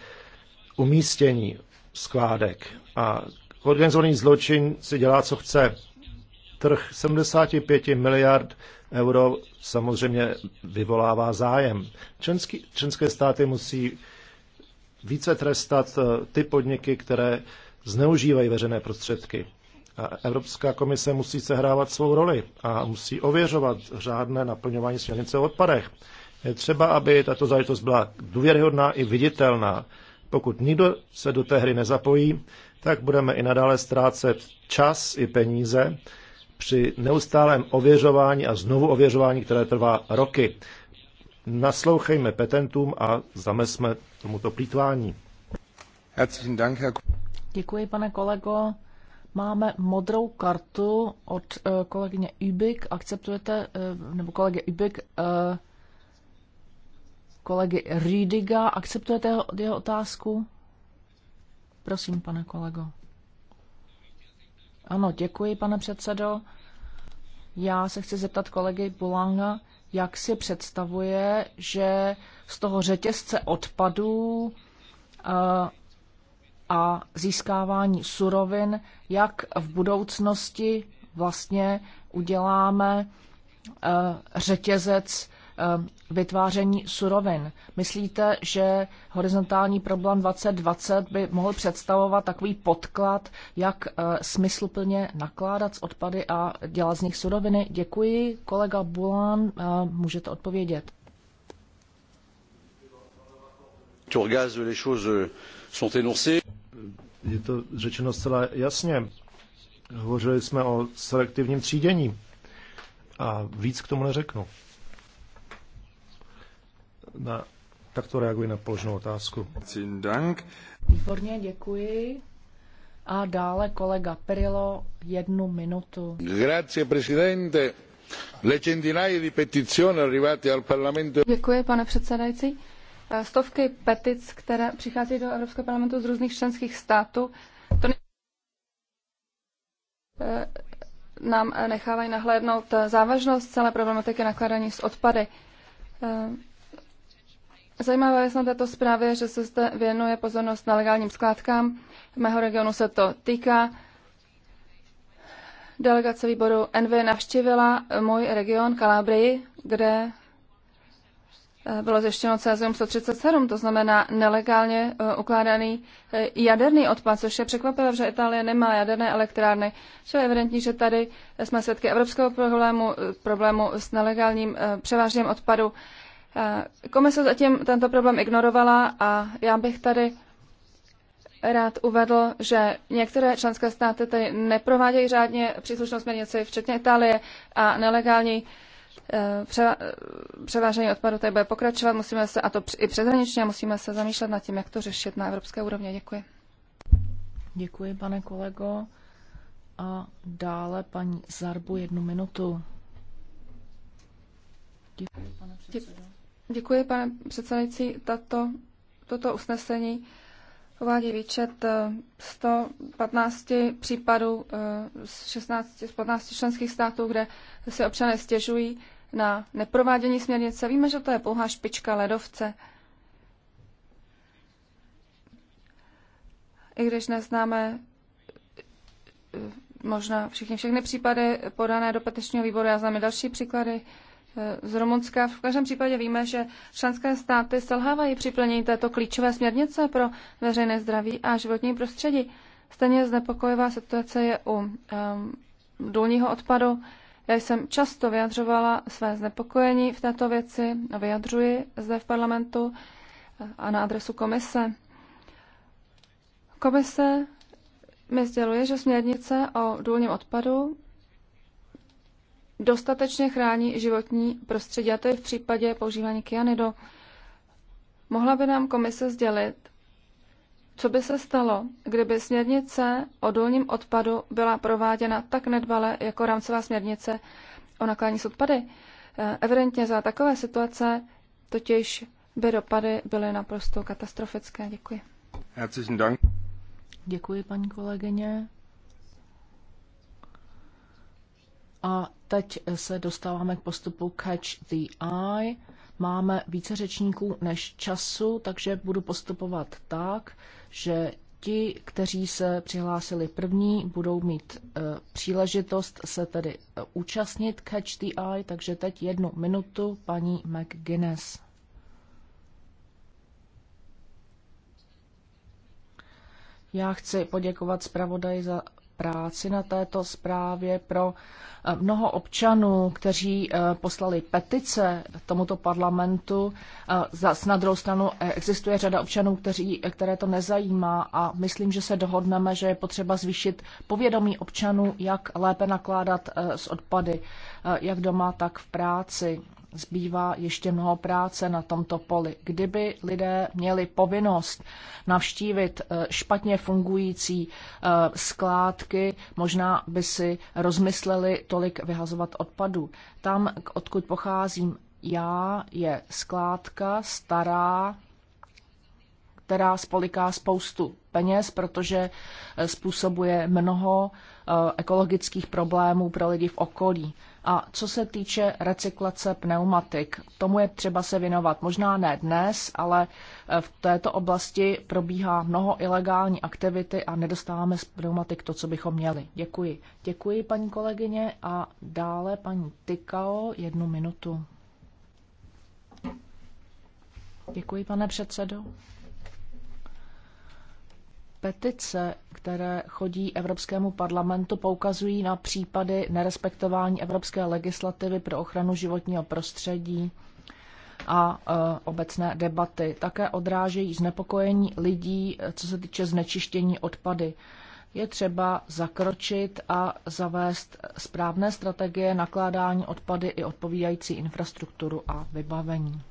umístění skládek. A organizovaný zločin si dělá, co chce. Trh 75 miliard Euro samozřejmě vyvolává zájem. Členský, členské státy musí více trestat eh, ty podniky, které zneužívají veřejné prostředky. A Evropská komise musí sehrávat svou roli a musí ověřovat řádné naplňování směrnice o odpadech. Je třeba, aby tato záležitost byla důvěryhodná i viditelná. Pokud nikdo se do té hry nezapojí, tak budeme i nadále ztrácet čas i peníze při neustálém ověřování a znovu ověřování, které trvá roky. Naslouchejme petentům a zamesme tomuto plítvání. Děkuji, pane kolego. Máme modrou kartu od eh, kolegyně Ubik. Akceptujete, eh, nebo kolegy Ubik, eh, kolegy Riediga Akceptujete jeho otázku? Prosím, pane kolego. Ano, děkuji, pane předsedo. Já se chci zeptat kolegy Bulanga, jak si představuje, že z toho řetězce odpadů a, eh, a získávání surovin, jak v budoucnosti vlastně uděláme eh, řetězec Eh, vytváření surovin. Myslíte, že horizontální problém 2020 by mohl představovat takový podklad, jak eh, smysluplně nakládat s odpady a dělat z nich suroviny? Děkuji, kolega Bulán, eh, můžete odpovědět. Euh, Je to řečeno zcela jasně. Hovořili jsme o selektivním třídění a víc k tomu neřeknu na, takto reaguji na položenou otázku. Výborně, děkuji. A dále kolega Perilo jednu minutu. Grazie, presidente. Le centinaia di petizioni arrivate al Parlamento. Děkuji, pane předsedající. Eh, stovky petic, které přichází do Evropského parlamentu z různých členských států, to ne... Eh, nám nechávají nahlédnout eh, závažnost celé problematiky nakládání s odpady. Zajímavé je na této zprávě, že se zde věnuje pozornost legálním skládkám. Mého regionu se to týká. Delegace výboru NV navštívila můj region Kalábrii, kde eh, bylo zjištěno cesium 137, to znamená nelegálně eh, ukládaný eh, jaderný odpad, což je překvapivé, že Itálie nemá jaderné elektrárny. je evidentní, že tady jsme svědky evropského problému, problému s nelegálním převážným odpadu Eh, komise zatím tento problém ignorovala a já bych tady rád uvedl, že některé členské státy tady neprovádějí řádně příslušnou směrnici, včetně Itálie a nelegální eh, převážení odpadu tady bude pokračovat. Musíme se, a to i přeshraničně, musíme se zamýšlet nad tím, jak to řešit na evropské úrovni. Děkuji. Děkuji, pane kolego. A dále paní Zarbu jednu minutu. Děkuji, pane předsedo. Děkuji, pane předsedající. Tato, toto usnesení uvádí výčet 115 eh, případů eh, z, 16, z 15 členských států, kde se občané stěžují na neprovádění směrnice. Víme, že to je pouhá špička ledovce. I když neznáme eh, možná všichni všechny případy podané do petičního výboru, já znám i další příklady, z Rumunska. V každém případě víme, že členské státy selhávají při plnění této klíčové směrnice pro veřejné zdraví a životní prostředí. Stejně znepokojivá situace je u um, důlního odpadu. Já jsem často vyjadřovala své znepokojení v této věci, vyjadřuji zde v parlamentu a na adresu komise. Komise mi sděluje, že směrnice o důlním odpadu dostatečně chrání životní prostředí, a to je v případě používání kyanidu. Mohla by nám komise sdělit, co by se stalo, kdyby směrnice o důlním odpadu byla prováděna tak nedbale jako rámcová směrnice o nakládání s odpady? Eh, evidentně za takové situace totiž by dopady byly naprosto katastrofické. Děkuji. Herzlichen Dank. Děkuji, paní kolegyně. A teď se dostáváme k postupu Catch the Eye. Máme více řečníků než času, takže budu postupovat tak, že ti, kteří se přihlásili první, budou mít uh, příležitost se tedy eh, účastnit Catch the Eye, takže teď jednu minutu paní McGuinness. Já chci poděkovat zpravodaji za práci na této zprávě pro eh, mnoho občanů, kteří eh, poslali petice tomuto parlamentu. Eh, Zas na druhou stranu existuje řada občanů, kteří, které to nezajímá a myslím, že se dohodneme, že je potřeba zvýšit povědomí občanů, jak lépe nakládat s odpady, jak doma, tak v práci zbývá ještě mnoho práce na tomto poli. Kdyby lidé měli povinnost navštívit eh, špatně fungující eh, skládky, možná by si rozmysleli tolik vyhazovat odpadu. Tam, odkud pocházím já, je skládka stará, která spoliká spoustu peněz, protože eh, způsobuje mnoho ekologických problémů pro lidi v okolí. A co se týče recyklace pneumatik, tomu je třeba se věnovat. Možná ne dnes, ale eh, v této oblasti probíhá mnoho ilegální aktivity a nedostáváme z pneumatik to, co bychom měli. Děkuji. Děkuji, paní kolegyně. A dále paní Tykao, jednu minutu. Děkuji, pane předsedo. Petice, které chodí Evropskému parlamentu, poukazují na případy nerespektování evropské legislativy pro ochranu životního prostředí a e, obecné debaty. Také odrážejí znepokojení lidí, co se týče znečištění odpady. Je třeba zakročit a zavést správné strategie nakládání odpady i odpovídající infrastrukturu a vybavení.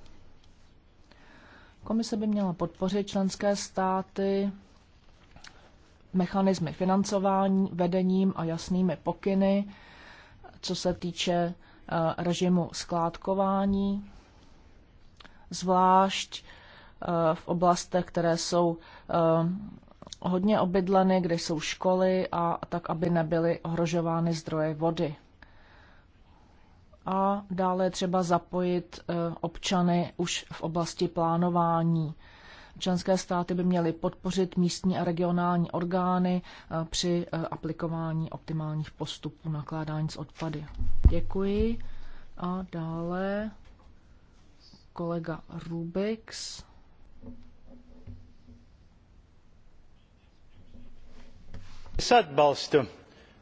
Komise by měla podpořit členské státy mechanismy financování, vedením a jasnými pokyny, co se týče eh, režimu skládkování, zvlášť eh, v oblastech, které jsou eh, hodně obydleny, kde jsou školy a tak, aby nebyly ohrožovány zdroje vody. A dále třeba zapojit občany už v oblasti plánování Členské státy by měly podpořit místní a regionální orgány eh, při eh, aplikování optimálních postupů nakládání s odpady. Děkuji. A dále kolega Rubix. Es atbalstu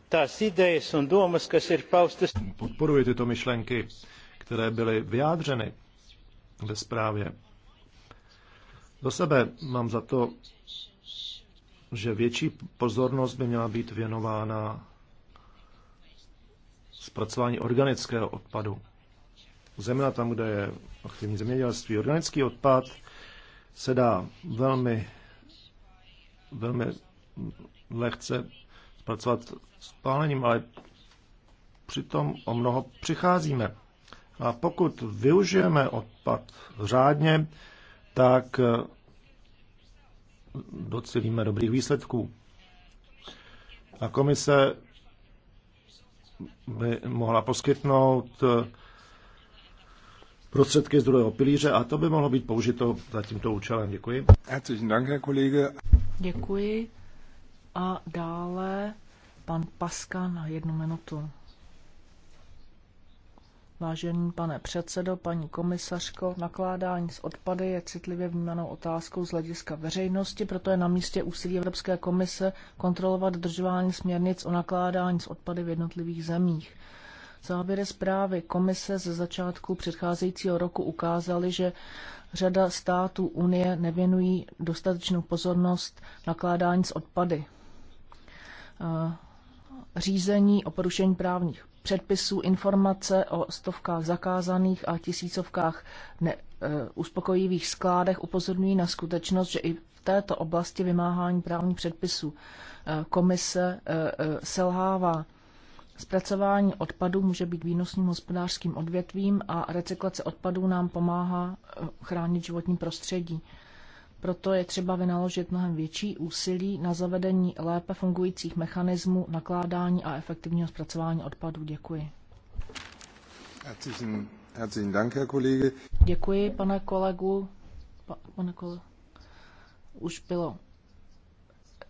tās idejas domas, kas ir paustas. Podporuji tyto myšlenky, které byly vyjádřeny ve zprávě. Do sebe mám za to, že větší pozornost by měla být věnována zpracování organického odpadu. Zemina tam, kde je aktivní zemědělství, organický odpad se dá velmi, velmi lehce zpracovat spálením, ale přitom o mnoho přicházíme. A pokud využijeme odpad řádně, tak docelíme dobrých výsledků. A komise by mohla poskytnout eh, prostředky z druhého pilíře a to by mohlo být použito za tímto účelem. Děkuji. Děkuji. A dále pan Paska na jednu minutu. Vážený pane předsedo, paní komisařko, nakládání s odpady je citlivě vnímanou otázkou z hlediska veřejnosti, proto je na místě úsilí Evropské komise kontrolovat dodržování směrnic o nakládání s odpady v jednotlivých zemích. Závěry zprávy komise ze začátku předcházejícího roku ukázaly, že řada států Unie nevěnují dostatečnou pozornost nakládání s odpady řízení o porušení právních předpisů, informace o stovkách zakázaných a tisícovkách ne, e, uspokojivých skládech upozorňují na skutečnost, že i v této oblasti vymáhání právních předpisů e, komise e, selhává. Zpracování odpadů může být výnosným hospodářským odvětvím a recyklace odpadů nám pomáhá chránit životní prostředí. Proto je třeba vynaložit mnohem větší úsilí na zavedení lépe fungujících mechanismů nakládání a efektivního zpracování odpadů. Děkuji. Herzlichen, herzlichen Dank, Herr Kollege. Děkuji, pane kolegu. Pa, pane kole... Už bylo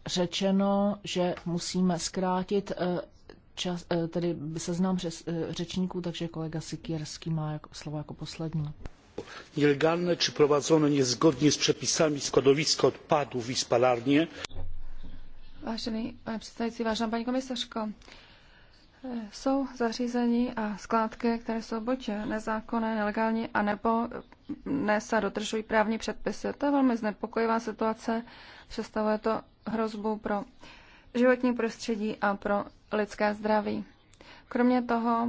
řečeno, že musíme zkrátit eh, čas, eh, tedy seznam eh, řečníků, takže kolega Sikierský má jako, slovo jako poslední nielegalne czy prowadzone niezgodnie z przepisami składowiska odpadów i spalarnie. Vážený pane předsedající, vážená paní komisařko, jsou zařízení a skládky, které jsou buď nezákonné, nelegální, anebo dnes a dodržují právní předpisy. To je velmi znepokojivá situace, představuje to hrozbu pro životní prostředí a pro lidské zdraví. Kromě toho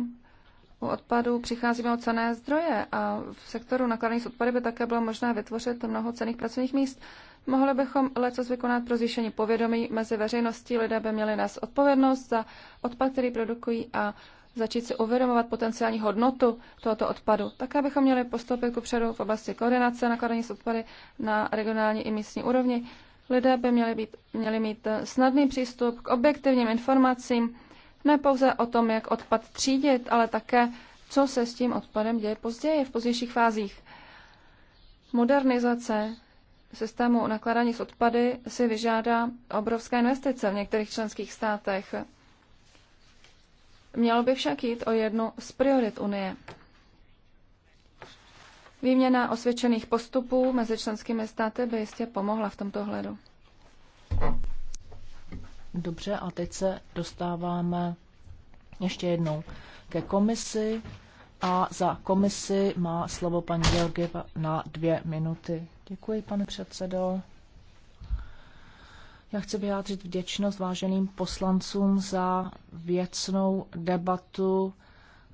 u odpadů přicházíme o cené zdroje a v sektoru nakladání s odpady by také bylo možné vytvořit mnoho cených pracovních míst. Mohli bychom lecos vykonat pro zvýšení povědomí mezi veřejností. Lidé by měli nás odpovědnost za odpad, který produkují a začít si uvědomovat potenciální hodnotu tohoto odpadu. Také bychom měli postoupit ku předu v oblasti koordinace nakladání s odpady na regionální i místní úrovni. Lidé by měli, být, měli mít snadný přístup k objektivním informacím, ne pouze o tom, jak odpad třídit, ale také, co se s tím odpadem děje později, v pozdějších fázích. Modernizace systému nakladání s odpady si vyžádá obrovské investice v některých členských státech. Mělo by však jít o jednu z priorit Unie. Výměna osvědčených postupů mezi členskými státy by jistě pomohla v tomto hledu. Dobře, a teď se dostáváme ještě jednou ke komisi a za komisi má slovo paní Georgieva na dvě minuty. Děkuji, pane předsedo. Já chci vyjádřit vděčnost váženým poslancům za věcnou debatu,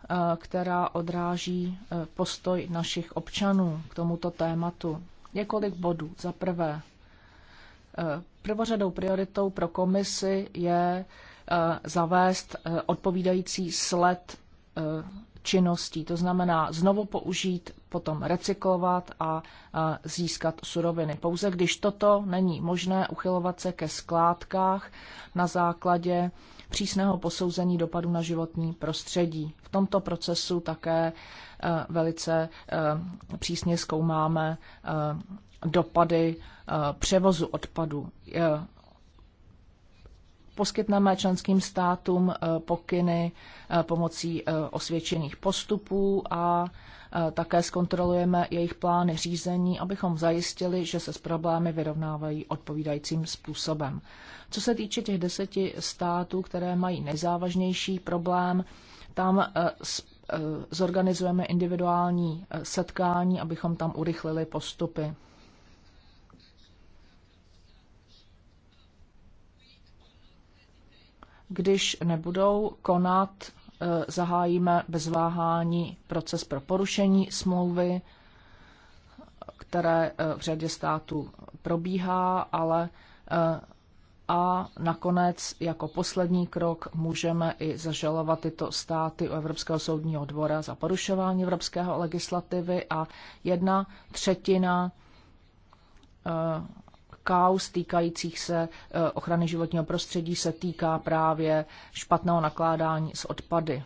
eh, která odráží eh, postoj našich občanů k tomuto tématu. Několik bodů. Za prvé, Prvořadou prioritou pro komisi je eh, zavést eh, odpovídající sled eh, činností. To znamená znovu použít, potom recyklovat a získat suroviny. Pouze když toto není možné, uchylovat se ke skládkách na základě přísného posouzení dopadu na životní prostředí. V tomto procesu také velice přísně zkoumáme dopady eh, převozu odpadu. Eh, poskytneme členským státům eh, pokyny pomocí osvědčených postupů a také zkontrolujeme jejich plány řízení, abychom zajistili, že se s problémy vyrovnávají odpovídajícím způsobem. Co se týče těch deseti států, které mají nejzávažnější problém, tam zorganizujeme individuální setkání, abychom tam urychlili postupy. Když nebudou konat, eh, zahájíme bez váhání proces pro porušení smlouvy, které eh, v řadě států probíhá, ale eh, a nakonec jako poslední krok můžeme i zažalovat tyto státy u Evropského soudního dvora za porušování evropského legislativy a jedna třetina kaus týkajících se eh, ochrany životního prostředí se týká právě špatného nakládání s odpady.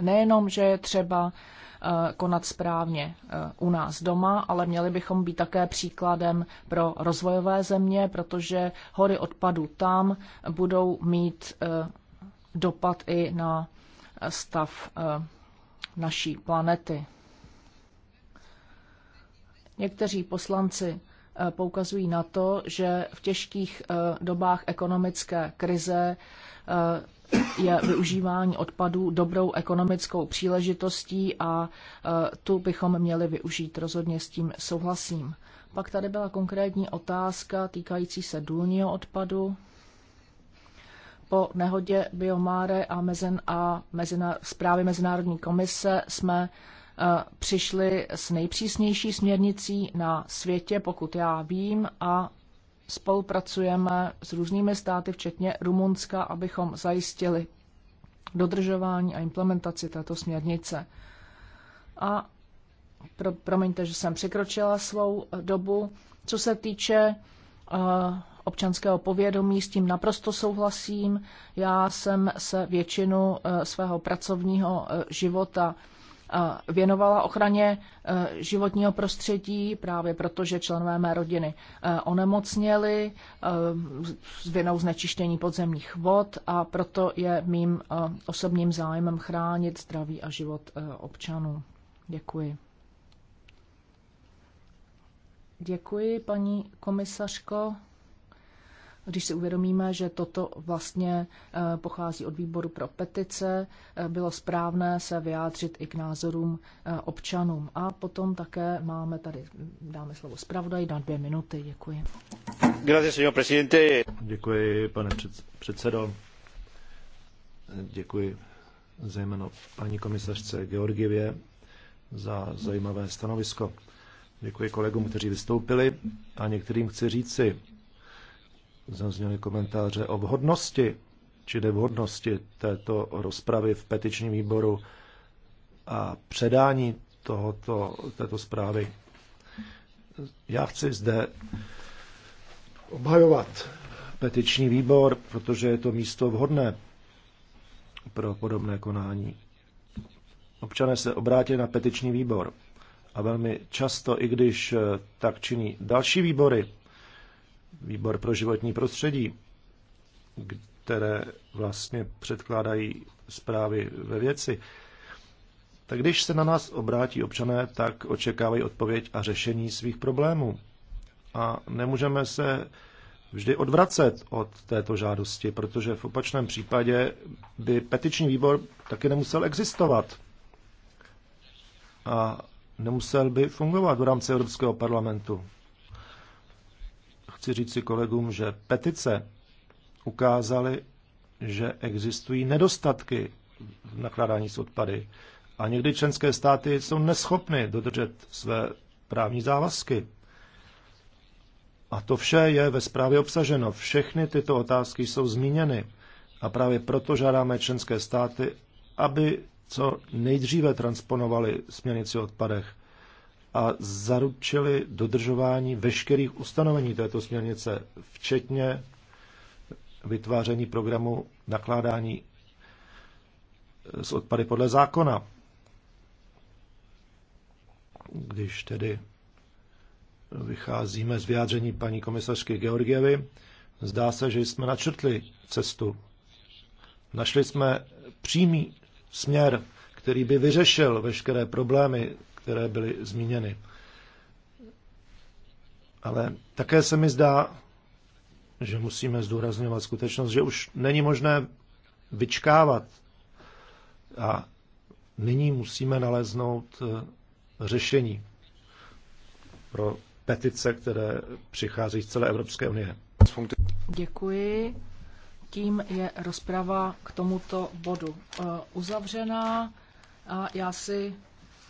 Nejenom, že je třeba eh, konat správně eh, u nás doma, ale měli bychom být také příkladem pro rozvojové země, protože hory odpadů tam budou mít dopad i na stav naší planety. Někteří poslanci Eh, poukazují na to, že v těžkých eh, dobách ekonomické krize eh, je využívání odpadů dobrou ekonomickou příležitostí a tu bychom měli využít. Rozhodně s tím souhlasím. Pak tady byla konkrétní otázka týkající se důlního odpadu. Po nehodě Biomáre a, mezen a mezina, zprávy Mezinárodní komise jsme uh, Eh, přišli s nejpřísnější směrnicí na světě, pokud já vím, a spolupracujeme s různými státy, včetně Rumunska, abychom zajistili dodržování a implementaci této směrnice. A pro, promiňte, že jsem překročila svou eh, dobu. Co se týče uh, občanského povědomí, s tím naprosto souhlasím. Já jsem se většinu uh, svého pracovního uh, života Eh, věnovala ochraně eh, životního prostředí, právě protože členové mé rodiny eh, onemocněli s vinou znečištění podzemních vod a proto je mým osobním zájmem chránit zdraví a život občanů. Děkuji. Děkuji, paní komisařko když si uvědomíme, že toto vlastně eh, pochází od výboru pro petice, eh, bylo správné se vyjádřit i k názorům eh, občanům. A potom také máme tady, dáme slovo zpravodaj na dvě minuty. Děkuji. Děkuji, pane předsedo. Děkuji zejména paní komisařce Georgievě za zajímavé stanovisko. Děkuji kolegům, kteří vystoupili a některým chci říci, zazněly komentáře o vhodnosti či nevhodnosti této rozpravy v petičním výboru a předání tohoto, této zprávy. Já chci zde obhajovat petiční výbor, protože je to místo vhodné pro podobné konání. Občané se obrátí na petiční výbor a velmi často, i když tak činí další výbory, výbor pro životní prostředí, které vlastně předkládají zprávy ve věci. Tak když se na nás obrátí občané, tak očekávají odpověď a řešení svých problémů. A nemůžeme se vždy odvracet od této žádosti, protože v opačném případě by petiční výbor taky nemusel existovat. A nemusel by fungovat v rámci Evropského parlamentu chci říci kolegům, že petice ukázaly, že existují nedostatky v nakládání s odpady a někdy členské státy jsou neschopny dodržet své právní závazky. A to vše je ve zprávě obsaženo. Všechny tyto otázky jsou zmíněny. A právě proto žádáme členské státy, aby co nejdříve transponovali směrnici o odpadech a zaručili dodržování veškerých ustanovení této směrnice, včetně vytváření programu nakládání s odpady podle zákona. Když tedy vycházíme z vyjádření paní komisařky Georgievy, zdá se, že jsme načrtli cestu. Našli jsme přímý směr, který by vyřešil veškeré problémy které byly zmíněny. Ale také se mi zdá, že musíme zdůrazňovat skutečnost, že už není možné vyčkávat. A nyní musíme naleznout eh, řešení pro petice, které přichází z celé Evropské unie. Děkuji. Tím je rozprava k tomuto bodu eh, uzavřená a já si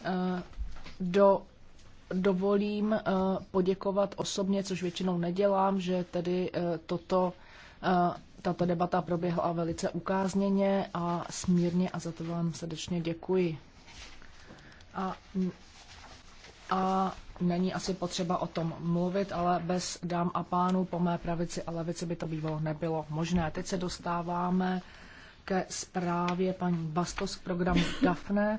eh, do, dovolím eh, poděkovat osobně, což většinou nedělám, že tedy eh, toto, eh, tato debata proběhla velice ukázněně a smírně a za to vám srdečně děkuji. A, a není asi potřeba o tom mluvit, ale bez dám a pánů po mé pravici a levici by to bývalo nebylo možné. Teď se dostáváme ke zprávě paní Bastos k programu DAFNE.